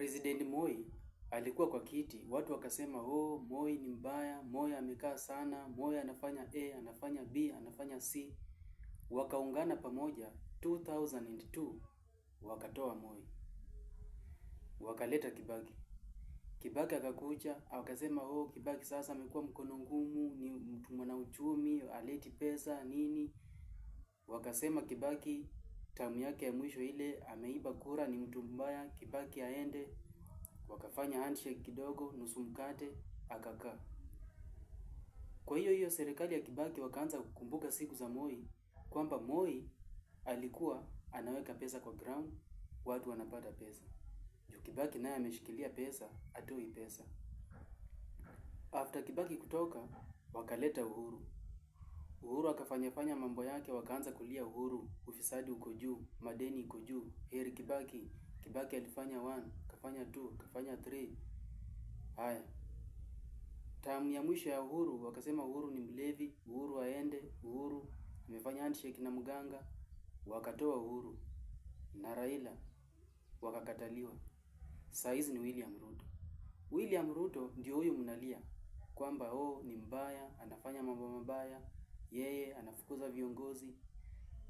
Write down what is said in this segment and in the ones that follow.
President Moi alikuwa kwa kiti, watu wakasema oh, Moi ni mbaya, Moi amekaa sana, Moi anafanya A, anafanya B, anafanya C. Wakaungana pamoja 2002 wakatoa Moi, wakaleta Kibaki. Kibaki akakuja akasema oh, Kibaki sasa amekuwa mkono ngumu, ni mtu mwanauchumi, aleti pesa nini. Wakasema Kibaki tamu yake ya mwisho ile ameiba kura, ni mtu mbaya, Kibaki aende. Wakafanya handshake kidogo, nusu mkate, akakaa. Kwa hiyo hiyo serikali ya Kibaki wakaanza kukumbuka siku za Moi, kwamba Moi alikuwa anaweka pesa kwa ground, watu wanapata pesa juu Kibaki naye ameshikilia pesa, atoi pesa. After Kibaki kutoka, wakaleta uhuru. Uhuru akafanyafanya mambo yake wakaanza kulia uhuru, ufisadi uko juu, madeni iko juu. Heri Kibaki, Kibaki alifanya one, kafanya two, kafanya three. Haya, tamu ya mwisho ya Uhuru wakasema Uhuru ni mlevi, Uhuru aende, Uhuru amefanya handshake na mganga, wakatoa Uhuru na Raila wakakataliwa. Saa hizi ni William Ruto. William Ruto ndio huyu mnalia kwamba oh, ni mbaya, anafanya mambo mabaya yeye anafukuza viongozi,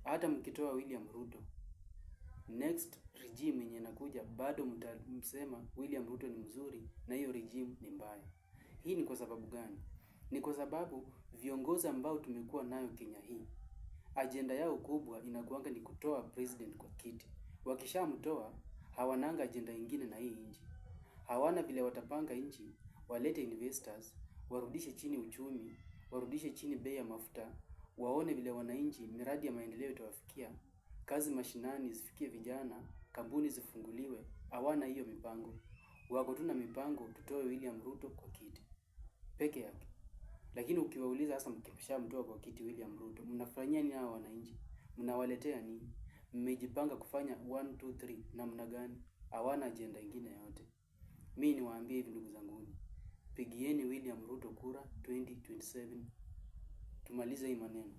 hata mkitoa William Ruto next regime yenye inakuja bado mtamsema William Ruto ni mzuri na hiyo regime ni mbaya. Hii ni kwa sababu gani? Ni kwa sababu viongozi ambao tumekuwa nayo Kenya hii ajenda yao kubwa inakuanga ni kutoa president kwa kiti. Wakishamtoa hawananga ajenda ingine na hii nchi, hawana vile watapanga nchi, walete investors, warudishe chini uchumi, warudishe chini bei ya mafuta, waone vile wananchi miradi ya maendeleo itawafikia, kazi mashinani zifikie vijana, kampuni zifunguliwe. Hawana hiyo mipango, wako tu na mipango tutoe William Ruto kwa kiti peke yake. Lakini ukiwauliza sasa, mkishamtoa kwa kiti William Ruto, mnafanyia nini hao wananchi? Mnawaletea nini? Mmejipanga kufanya 1 2 3 namna gani? Hawana ajenda ingine yote. Mimi niwaambie hivi ndugu zangu, Pigieni William Ruto kura 2027 tumalize hii maneno.